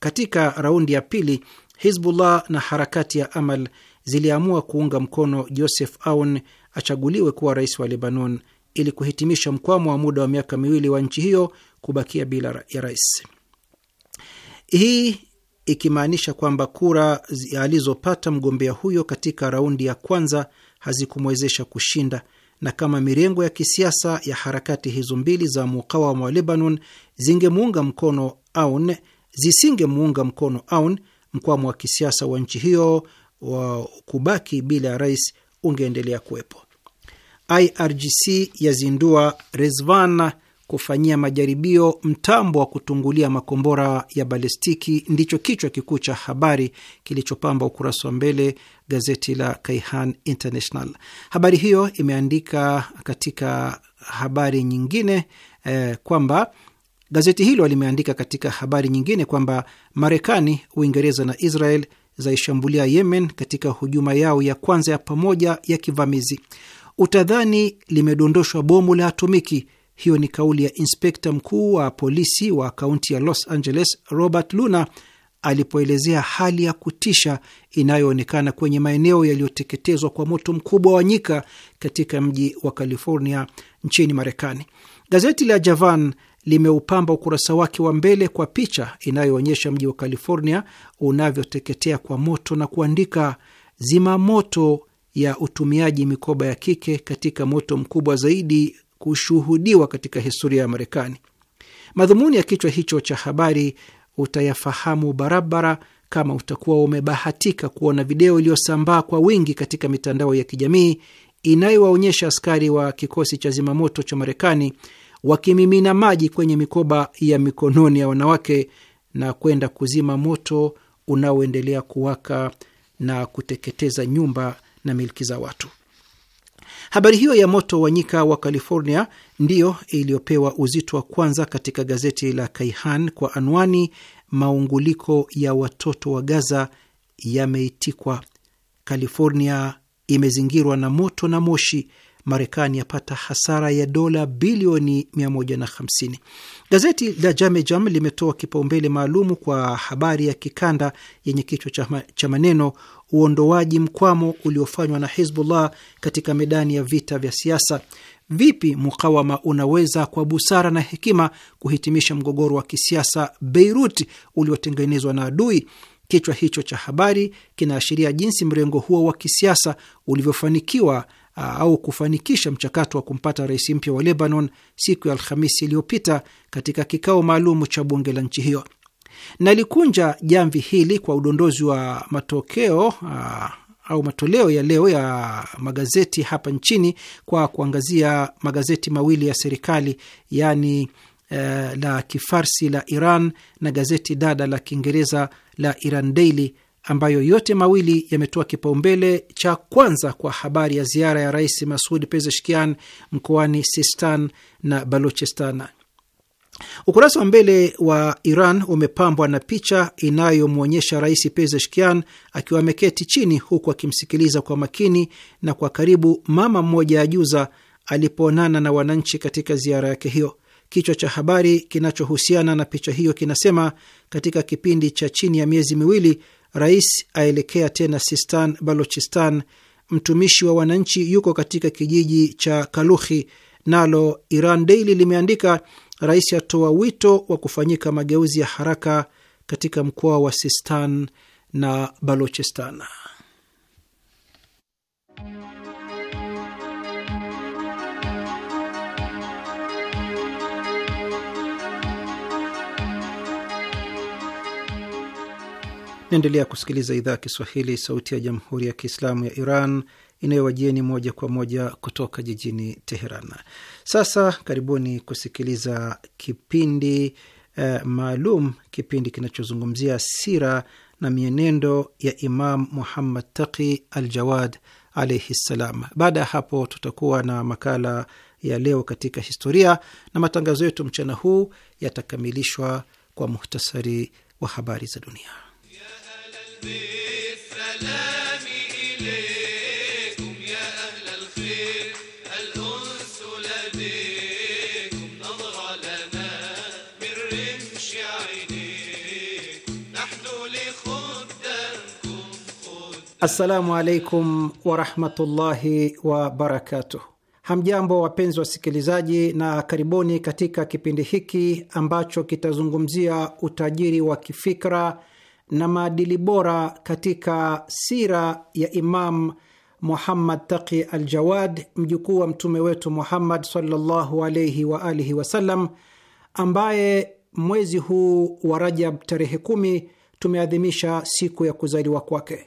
katika raundi ya pili, Hizbullah na harakati ya Amal ziliamua kuunga mkono Joseph Aun achaguliwe kuwa rais wa Lebanon ili kuhitimisha mkwamo wa muda wa miaka miwili wa nchi hiyo kubakia bila ya rais, hii ikimaanisha kwamba kura alizopata mgombea huyo katika raundi ya kwanza hazikumwezesha kushinda na kama mirengo ya kisiasa ya harakati hizo mbili za mukawama wa Lebanon zingemuunga mkono Aoun, zisingemuunga mkono Aoun, mkwamo wa kisiasa wa nchi hiyo wa kubaki bila ya rais ungeendelea kuwepo. IRGC yazindua Rezvan kufanyia majaribio mtambo wa kutungulia makombora ya balistiki, ndicho kichwa kikuu cha habari kilichopamba ukurasa wa mbele gazeti la Kaihan International. Habari hiyo imeandika katika habari nyingine eh, kwamba gazeti hilo limeandika katika habari nyingine kwamba Marekani, Uingereza na Israel zaishambulia Yemen katika hujuma yao ya kwanza ya pamoja ya kivamizi utadhani limedondoshwa bomu la atomiki. Hiyo ni kauli ya inspekta mkuu wa polisi wa kaunti ya Los Angeles Robert Luna alipoelezea hali ya kutisha inayoonekana kwenye maeneo yaliyoteketezwa kwa moto mkubwa wa nyika katika mji wa California nchini Marekani. Gazeti la Javan limeupamba ukurasa wake wa mbele kwa picha inayoonyesha mji wa California unavyoteketea kwa moto na kuandika, zima moto ya utumiaji mikoba ya kike katika moto mkubwa zaidi kushuhudiwa katika historia ya Marekani. Madhumuni ya kichwa hicho cha habari utayafahamu barabara kama utakuwa umebahatika kuona video iliyosambaa kwa wingi katika mitandao ya kijamii inayowaonyesha askari wa kikosi cha zimamoto cha Marekani wakimimina maji kwenye mikoba ya mikononi ya wanawake na kwenda kuzima moto unaoendelea kuwaka na kuteketeza nyumba na milki za watu. Habari hiyo ya moto wa nyika wa California ndiyo iliyopewa uzito wa kwanza katika gazeti la Kaihan kwa anwani maunguliko ya watoto wa Gaza yameitikwa, California imezingirwa na moto na moshi, Marekani yapata hasara ya dola bilioni 150. Gazeti la Jamejam limetoa kipaumbele maalumu kwa habari ya kikanda yenye kichwa cha maneno uondoaji mkwamo uliofanywa na Hizbullah katika medani ya vita vya siasa. Vipi mukawama unaweza kwa busara na hekima kuhitimisha mgogoro wa kisiasa Beirut uliotengenezwa na adui? Kichwa hicho cha habari kinaashiria jinsi mrengo huo wa kisiasa ulivyofanikiwa au kufanikisha mchakato wa kumpata rais mpya wa Lebanon siku ya Alhamisi iliyopita katika kikao maalum cha bunge la nchi hiyo. Nalikunja jamvi hili kwa udondozi wa matokeo uh, au matoleo ya leo ya magazeti hapa nchini kwa kuangazia magazeti mawili ya serikali yaani uh, la Kifarsi la Iran na gazeti dada la Kiingereza la Iran Daily ambayo yote mawili yametoa kipaumbele cha kwanza kwa habari ya ziara ya Rais Masud Pezeshkian mkoani Sistan na Balochistan. Ukurasa wa mbele wa Iran umepambwa na picha inayomwonyesha Rais Pezeshkian akiwa ameketi chini, huku akimsikiliza kwa makini na kwa karibu mama mmoja ajuza alipoonana na wananchi katika ziara yake hiyo. Kichwa cha habari kinachohusiana na picha hiyo kinasema, katika kipindi cha chini ya miezi miwili rais aelekea tena Sistan Balochistan. Mtumishi wa wananchi yuko katika kijiji cha kaluhi Nalo Iran Daily limeandika Rais atoa wito wa kufanyika mageuzi ya haraka katika mkoa wa Sistan na Balochistan. Naendelea kusikiliza idhaa ya Kiswahili, sauti ya jamhuri ya kiislamu ya Iran inayowajieni moja kwa moja kutoka jijini Teheran. Sasa karibuni kusikiliza kipindi eh, maalum, kipindi kinachozungumzia sira na mienendo ya Imam Muhammad Taqi al Jawad alaihi ssalam. Baada ya hapo, tutakuwa na makala ya leo katika historia na matangazo yetu mchana huu yatakamilishwa kwa muhtasari wa habari za dunia. Assalamu alaikum warahmatullahi wabarakatuh. Hamjambo wapenzi wasikilizaji, na karibuni katika kipindi hiki ambacho kitazungumzia utajiri wa kifikra na maadili bora katika sira ya Imam Muhammad Taqi al Jawad, mjukuu wa mtume wetu Muhammad sallallahu alaihi wa alihi wasallam, ambaye mwezi huu wa Rajab tarehe kumi tumeadhimisha siku ya kuzaliwa kwake.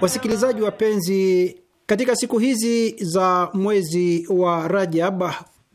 Wasikilizaji wapenzi, katika siku hizi za mwezi wa Rajab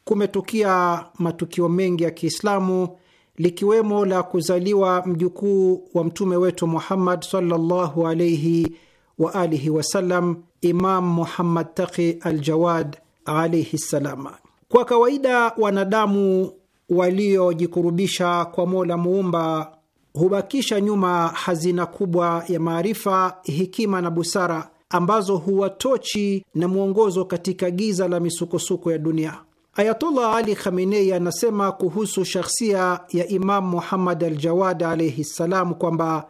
kumetukia matukio mengi ya Kiislamu likiwemo la kuzaliwa mjukuu wa mtume wetu Muhammad sallallahu alaihi wa alihi wasallam, Imam Muhammad Taqi al Jawad alaihi ssalama. Kwa kawaida wanadamu waliojikurubisha kwa Mola Muumba hubakisha nyuma hazina kubwa ya maarifa, hekima na busara ambazo huwatochi na mwongozo katika giza la misukosuko ya dunia. Ayatullah Ali Khamenei anasema kuhusu shakhsia ya Imamu Muhammad al Jawad alaihi ssalam kwamba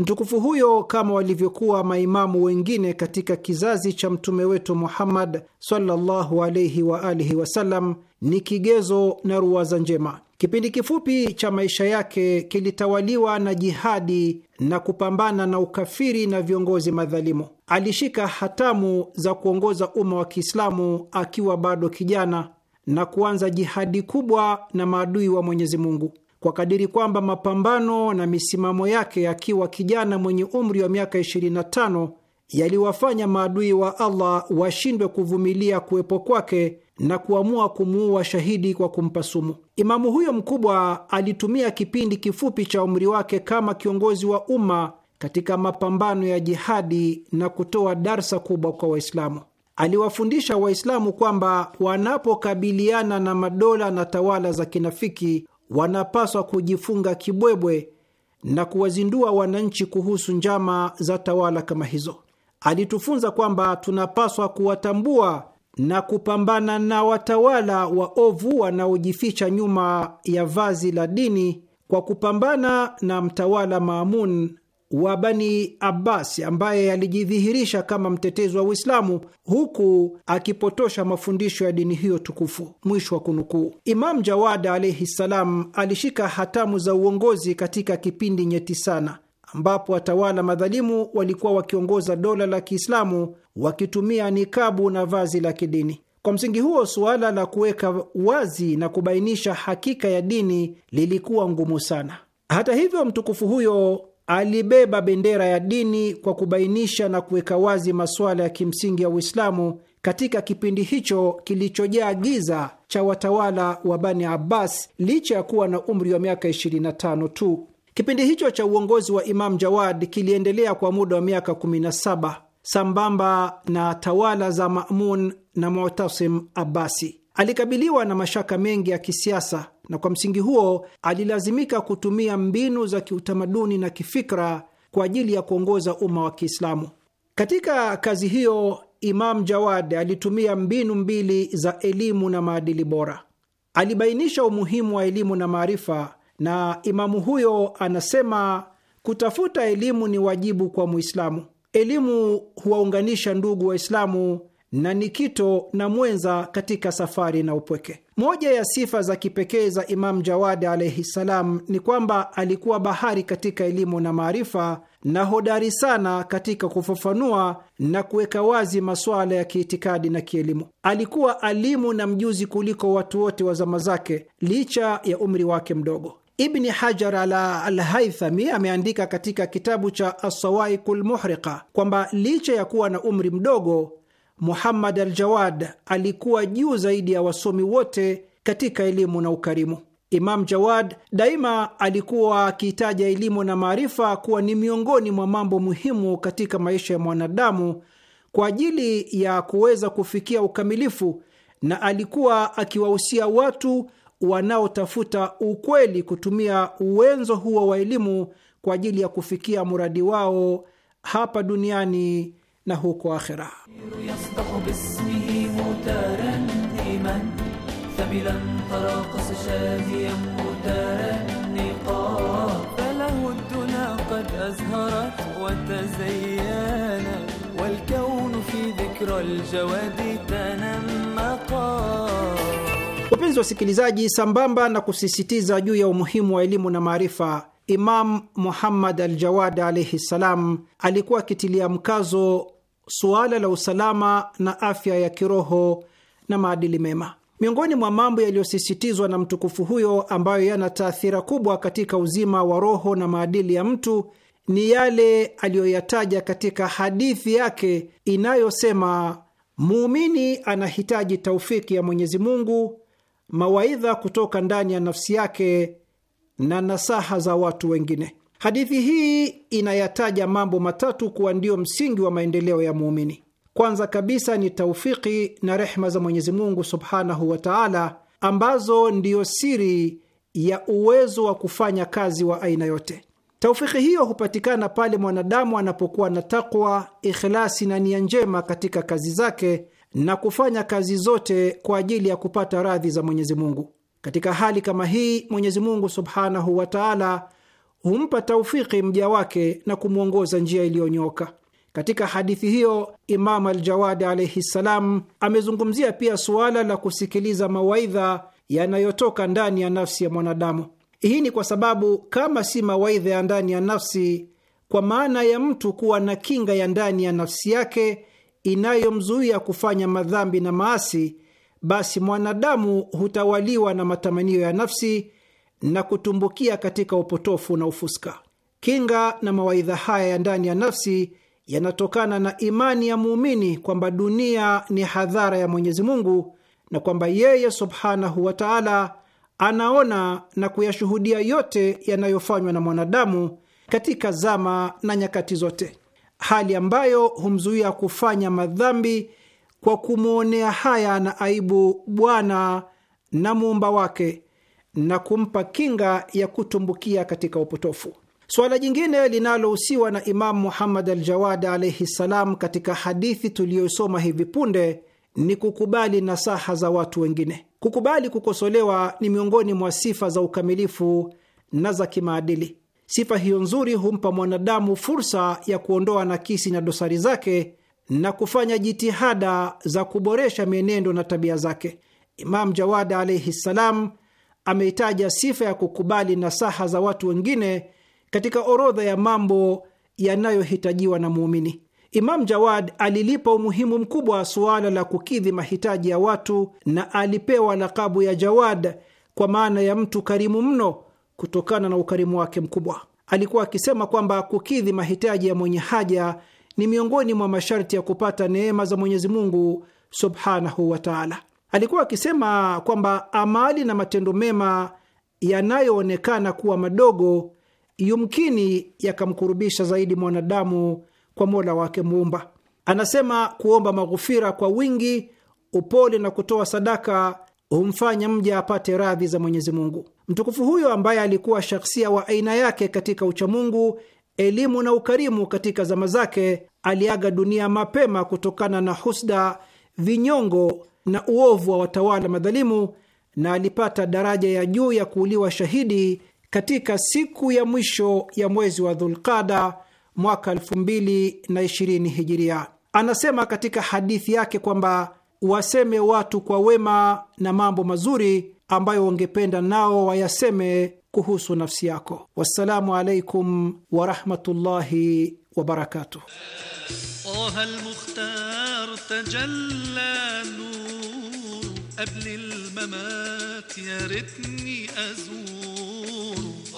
Mtukufu huyo kama walivyokuwa maimamu wengine katika kizazi cha mtume wetu Muhammad sallallahu alaihi wa alihi wasallam ni kigezo na ruwaza njema. Kipindi kifupi cha maisha yake kilitawaliwa na jihadi na kupambana na ukafiri na viongozi madhalimu. Alishika hatamu za kuongoza umma wa Kiislamu akiwa bado kijana na kuanza jihadi kubwa na maadui wa Mwenyezi Mungu kwa kadiri kwamba mapambano na misimamo yake akiwa kijana mwenye umri wa miaka 25 yaliwafanya maadui wa Allah washindwe kuvumilia kuwepo kwake na kuamua kumuua shahidi kwa kumpa sumu. Imamu huyo mkubwa alitumia kipindi kifupi cha umri wake kama kiongozi wa umma katika mapambano ya jihadi na kutoa darsa kubwa kwa Waislamu. Aliwafundisha Waislamu kwamba wanapokabiliana na madola na tawala za kinafiki wanapaswa kujifunga kibwebwe na kuwazindua wananchi kuhusu njama za tawala kama hizo. Alitufunza kwamba tunapaswa kuwatambua na kupambana na watawala waovu wanaojificha nyuma ya vazi la dini kwa kupambana na mtawala Maamun wa Bani Abbasi ambaye alijidhihirisha kama mtetezi wa Uislamu huku akipotosha mafundisho ya dini hiyo tukufu. Mwisho wa kunukuu. Imam Jawada alaihi ssalam alishika hatamu za uongozi katika kipindi nyeti sana ambapo watawala madhalimu walikuwa wakiongoza dola la Kiislamu wakitumia nikabu na vazi la kidini. Kwa msingi huo, suala la kuweka wazi na kubainisha hakika ya dini lilikuwa ngumu sana. Hata hivyo, mtukufu huyo alibeba bendera ya dini kwa kubainisha na kuweka wazi masuala ya kimsingi ya Uislamu katika kipindi hicho kilichojaa giza cha watawala wa Bani Abbas licha ya kuwa na umri wa miaka 25 tu. Kipindi hicho cha uongozi wa Imam Jawad kiliendelea kwa muda wa miaka 17 sambamba na tawala za Mamun na Mutasim Abbasi. Alikabiliwa na mashaka mengi ya kisiasa na kwa msingi huo alilazimika kutumia mbinu za kiutamaduni na kifikra kwa ajili ya kuongoza umma wa Kiislamu. Katika kazi hiyo, Imam Jawad alitumia mbinu mbili za elimu na maadili bora. Alibainisha umuhimu wa elimu na maarifa, na imamu huyo anasema kutafuta elimu ni wajibu kwa Muislamu. Elimu huwaunganisha ndugu Waislamu na Nikito na mwenza katika safari na upweke. Moja ya sifa za kipekee za Imamu Jawadi alaihi ssalam ni kwamba alikuwa bahari katika elimu na maarifa na hodari sana katika kufafanua na kuweka wazi masuala ya kiitikadi na kielimu. Alikuwa alimu na mjuzi kuliko watu wote wa zama zake, licha ya umri wake mdogo. Ibni Hajar al Alhaithami ameandika katika kitabu cha Assawaiku lmuhriqa kwamba licha ya kuwa na umri mdogo Muhammad al-Jawad alikuwa juu zaidi ya wasomi wote katika elimu na ukarimu. Imam Jawad daima alikuwa akiitaja elimu na maarifa kuwa ni miongoni mwa mambo muhimu katika maisha ya mwanadamu kwa ajili ya kuweza kufikia ukamilifu, na alikuwa akiwahusia watu wanaotafuta ukweli kutumia uwenzo huo wa elimu kwa ajili ya kufikia mradi wao hapa duniani na huko akhera. Wapenzi wasikilizaji, sambamba na kusisitiza juu ya umuhimu wa elimu na maarifa Imam Muhammad al-Jawad alaihi ssalam alikuwa akitilia mkazo suala la usalama na afya ya kiroho na maadili mema. Miongoni mwa mambo yaliyosisitizwa na mtukufu huyo ambayo yana taathira kubwa katika uzima wa roho na maadili ya mtu ni yale aliyoyataja katika hadithi yake inayosema, muumini anahitaji taufiki ya Mwenyezi Mungu, mawaidha kutoka ndani ya nafsi yake na nasaha za watu wengine. Hadithi hii inayataja mambo matatu kuwa ndio msingi wa maendeleo ya muumini. Kwanza kabisa ni taufiki na rehma za Mwenyezi Mungu subhanahu wa taala, ambazo ndiyo siri ya uwezo wa kufanya kazi wa aina yote. Taufiki hiyo hupatikana pale mwanadamu anapokuwa na takwa, ikhlasi na nia njema katika kazi zake na kufanya kazi zote kwa ajili ya kupata radhi za Mwenyezi Mungu. Katika hali kama hii, Mwenyezi Mungu subhanahu wa taala humpa taufiki mja wake na kumwongoza njia iliyonyoka. Katika hadithi hiyo al Aljawadi alaihi ssalam amezungumzia pia suala la kusikiliza mawaidha yanayotoka ndani ya nafsi ya mwanadamu. Hii ni kwa sababu kama si mawaidha ya ndani ya nafsi, kwa maana ya mtu kuwa na kinga ya ndani ya nafsi yake inayomzuia kufanya madhambi na maasi, basi mwanadamu hutawaliwa na matamanio ya nafsi na kutumbukia katika upotofu na ufuska. Kinga na mawaidha haya ya ndani ya nafsi yanatokana na imani ya muumini kwamba dunia ni hadhara ya Mwenyezi Mungu na kwamba yeye subhanahu wa taala anaona na kuyashuhudia yote yanayofanywa na mwanadamu katika zama na nyakati zote, hali ambayo humzuia kufanya madhambi kwa kumwonea haya na aibu Bwana na muumba wake na kumpa kinga ya kutumbukia katika upotofu. Suala jingine linalohusiwa na Imamu Muhammad Aljawad alaihi ssalam katika hadithi tuliyosoma hivi punde ni kukubali nasaha za watu wengine. Kukubali kukosolewa ni miongoni mwa sifa za ukamilifu na za kimaadili. Sifa hiyo nzuri humpa mwanadamu fursa ya kuondoa nakisi na dosari zake na kufanya jitihada za kuboresha mienendo na tabia zake. Imam Jawad alaihi ssalam ameitaja sifa ya kukubali nasaha za watu wengine katika orodha ya mambo yanayohitajiwa na muumini. Imam Jawad alilipa umuhimu mkubwa wa suala la kukidhi mahitaji ya watu na alipewa lakabu ya Jawad kwa maana ya mtu karimu mno kutokana na ukarimu wake mkubwa. Alikuwa akisema kwamba kukidhi mahitaji ya mwenye haja ni miongoni mwa masharti ya kupata neema za Mwenyezi Mungu subhanahu wa taala. Alikuwa akisema kwamba amali na matendo mema yanayoonekana kuwa madogo yumkini yakamkurubisha zaidi mwanadamu kwa mola wake Muumba. Anasema kuomba maghufira kwa wingi, upole na kutoa sadaka humfanya mja apate radhi za Mwenyezi Mungu. Mtukufu huyo ambaye alikuwa shakhsia wa aina yake katika uchamungu, elimu na ukarimu katika zama zake, aliaga dunia mapema kutokana na husda, vinyongo na uovu wa watawala madhalimu, na alipata daraja ya juu ya kuuliwa shahidi katika siku ya mwisho ya mwezi wa Dhulqada mwaka 2020 hijiria. Anasema katika hadithi yake kwamba waseme watu kwa wema na mambo mazuri ambayo wangependa nao wayaseme kuhusu nafsi yako. Wassalamu alaikum warahmatullahi وبركاته المختار تجلى نور قبل الممات يا ريتني أزور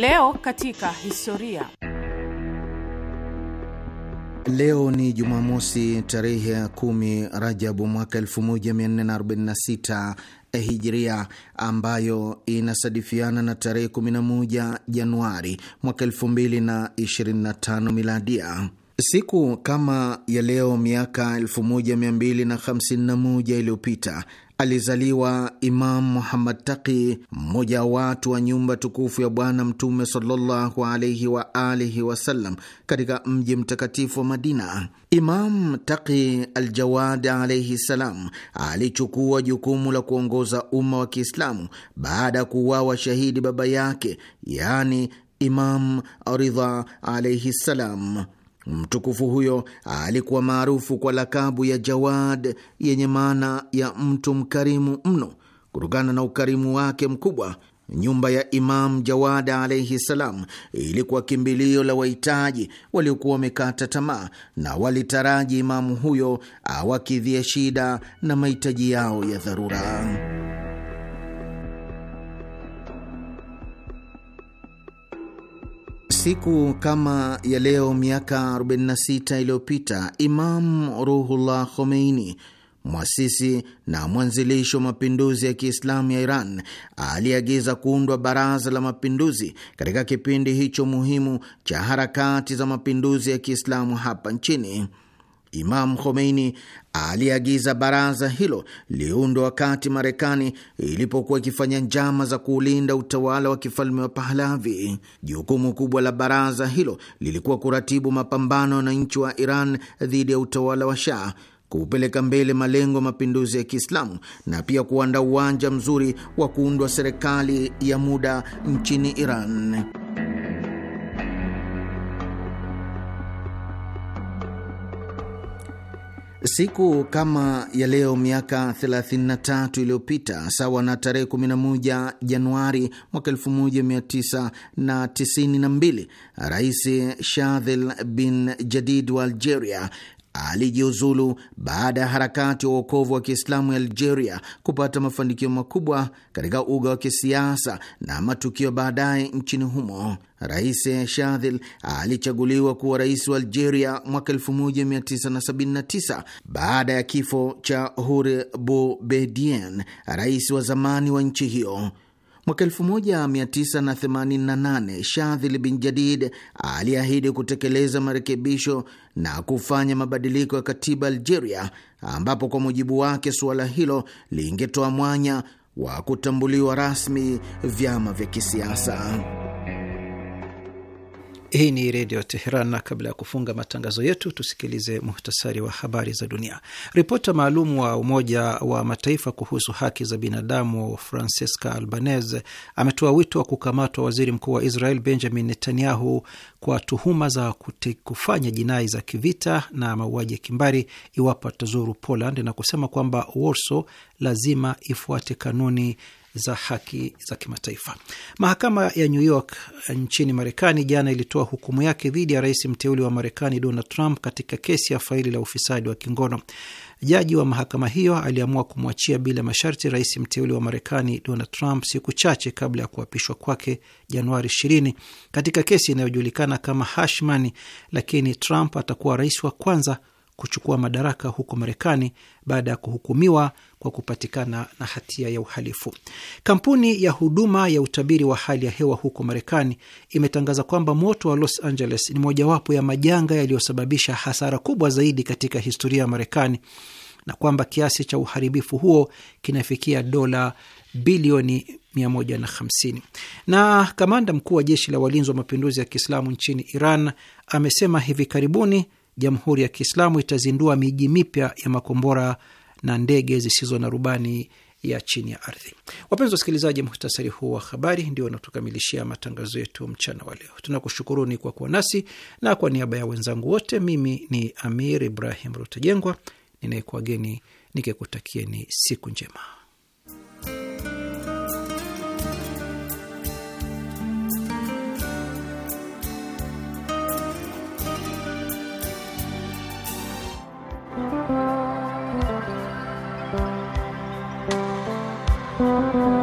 Leo katika historia. Leo ni Jumamosi tarehe ya kumi Rajabu mwaka 1446 eh, hijria ambayo inasadifiana na tarehe 11 Januari mwaka 2025 miladia. Siku kama ya leo miaka 1251 iliyopita alizaliwa Imam Muhammad Taqi, mmoja wa watu wa nyumba tukufu ya Bwana Mtume sallallahu alaihi wa alihi wasallam katika mji mtakatifu wa Madina. Imam Taqi Aljawad alaihi salam alichukua jukumu la kuongoza umma wa Kiislamu baada ya kuuawa shahidi baba yake, yani Imam Ridha alaihi salam. Mtukufu huyo alikuwa maarufu kwa lakabu ya Jawad yenye maana ya mtu mkarimu mno. Kutokana na ukarimu wake mkubwa, nyumba ya Imam Jawad alaihi ssalam ilikuwa kimbilio la wahitaji waliokuwa wamekata tamaa na walitaraji imamu huyo awakidhie shida na mahitaji yao ya dharura. Siku kama ya leo miaka 46 iliyopita Imam Ruhullah Khomeini, mwasisi na mwanzilishi wa mapinduzi ya Kiislamu ya Iran, aliagiza kuundwa Baraza la Mapinduzi katika kipindi hicho muhimu cha harakati za mapinduzi ya Kiislamu hapa nchini. Imam Khomeini aliagiza baraza hilo liundwa wakati Marekani ilipokuwa ikifanya njama za kuulinda utawala wa kifalme wa Pahlavi. Jukumu kubwa la baraza hilo lilikuwa kuratibu mapambano ya wananchi wa Iran dhidi ya utawala wa Shah, kupeleka mbele malengo ya mapinduzi ya Kiislamu na pia kuandaa uwanja mzuri wa kuundwa serikali ya muda nchini Iran. Siku kama ya leo miaka 33 iliyopita, sawa na tarehe 11 Januari mwaka 1992, Rais Shadhel bin Jadid wa Algeria alijiuzulu baada ya harakati ya uokovu wa Kiislamu ya Algeria kupata mafanikio makubwa katika uga wa kisiasa na matukio baadaye nchini humo. Rais Shadhil alichaguliwa kuwa rais wa Algeria mwaka 1979 baada ya kifo cha Huri Boubedien, rais wa zamani wa nchi hiyo. Mwaka 1988 shadhil bin Jadid aliahidi kutekeleza marekebisho na kufanya mabadiliko ya katiba Algeria, ambapo kwa mujibu wake suala hilo lingetoa mwanya wa kutambuliwa rasmi vyama vya kisiasa. Hii ni Redio Teheran, na kabla ya kufunga matangazo yetu tusikilize muhtasari wa habari za dunia. Ripota maalum wa Umoja wa Mataifa kuhusu haki za binadamu Francesca Albanese ametoa wito wa kukamatwa waziri mkuu wa Israel Benjamin Netanyahu kwa tuhuma za kute, kufanya jinai za kivita na mauaji ya kimbari iwapo atazuru Poland na kusema kwamba Warsaw lazima ifuate kanuni za haki za kimataifa. Mahakama ya New York nchini Marekani jana ilitoa hukumu yake dhidi ya rais mteuli wa Marekani Donald Trump katika kesi ya faili la ufisadi wa kingono. Jaji wa mahakama hiyo aliamua kumwachia bila masharti rais mteuli wa Marekani Donald Trump siku chache kabla ya kuapishwa kwake Januari 20 katika kesi inayojulikana kama Hashmani, lakini Trump atakuwa rais wa kwanza kuchukua madaraka huko Marekani baada ya kuhukumiwa kwa kupatikana na hatia ya uhalifu. Kampuni ya huduma ya utabiri wa hali ya hewa huko Marekani imetangaza kwamba moto wa Los Angeles ni mojawapo ya majanga yaliyosababisha hasara kubwa zaidi katika historia ya Marekani na kwamba kiasi cha uharibifu huo kinafikia dola bilioni 150. Na kamanda mkuu wa jeshi la walinzi wa mapinduzi ya Kiislamu nchini Iran amesema hivi karibuni jamhuri ya Kiislamu itazindua miji mipya ya makombora na ndege zisizo na rubani ya chini ya ardhi. Wapenzi wasikilizaji, muhtasari huu wa habari ndio anatukamilishia matangazo yetu mchana wa leo. Tunakushukuruni kwa kuwa nasi na kwa niaba ya wenzangu wote, mimi ni Amir Ibrahim Rutajengwa ninayekuwageni nikikutakieni siku njema. Thank you.